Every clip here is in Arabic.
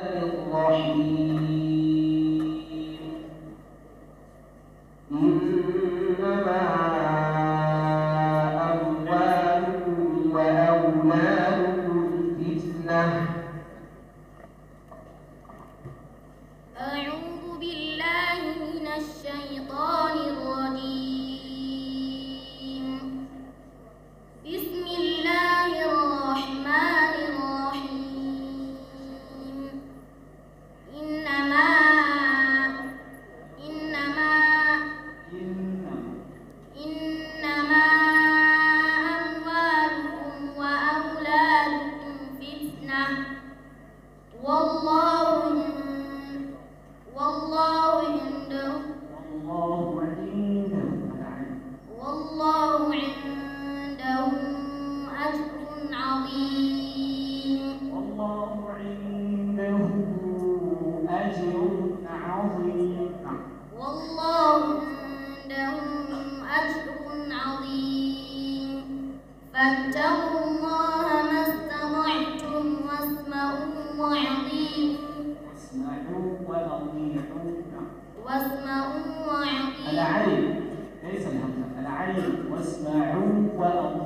إنما أموالكم وأولادكم عنده أجر عظيم والله عنده أجر عظيم فاتقوا الله ما واسمعوا وأطيعوا واسمعوا وأطيعوا واسمعوا العين ليس الهمزة العين واسمعوا وأطيعوا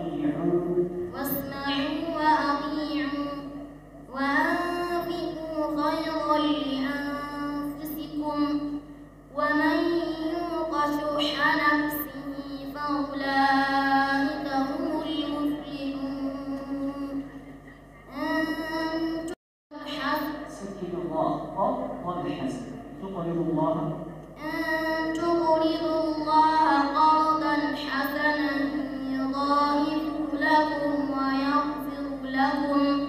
الصدقات والحسن تقرض الله أن تقرض الله قرضا حسنا يضاعف لكم ويغفر لكم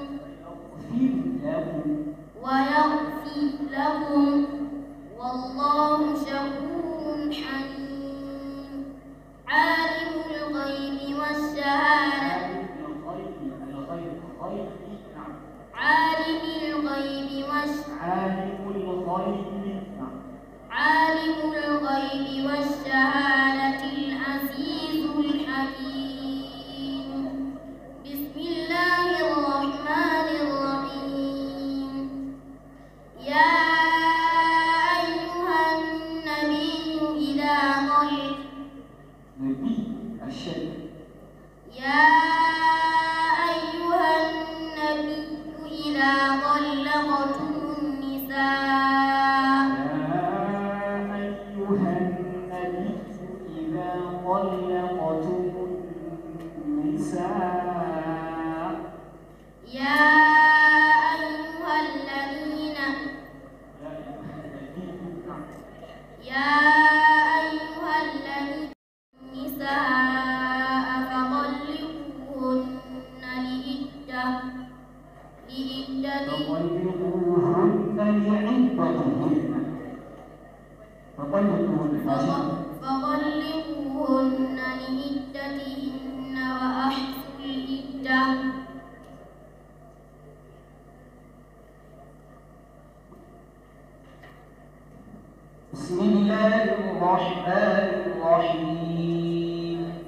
بسم الله الرحمن الرحيم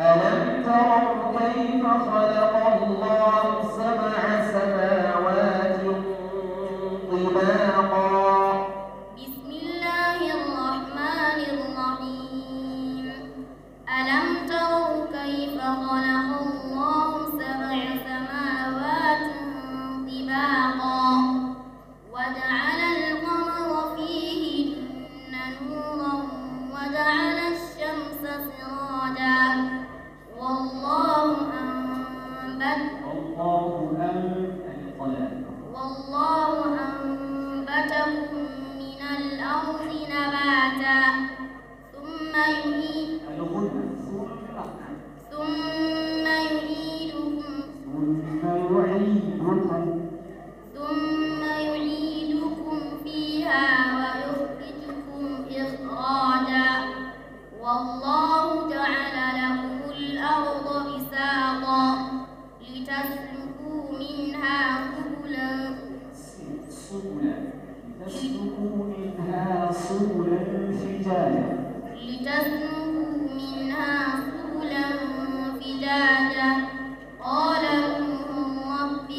ألم تروا كيف خلق الله منها سبلا لتسلكوا منها لتسلكوا منها سبلا فجاجا قال نوح رب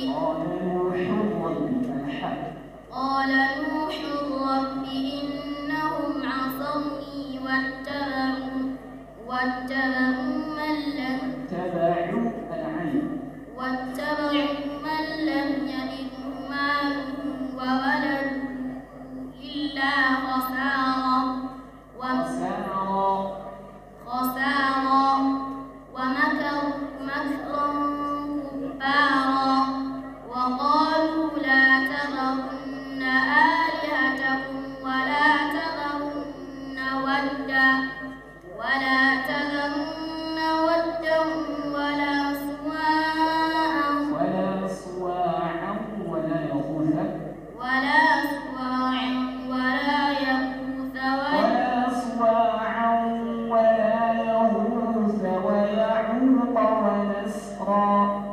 قال نوح رب إنهم عصوني واتبعوا واتبعوا です。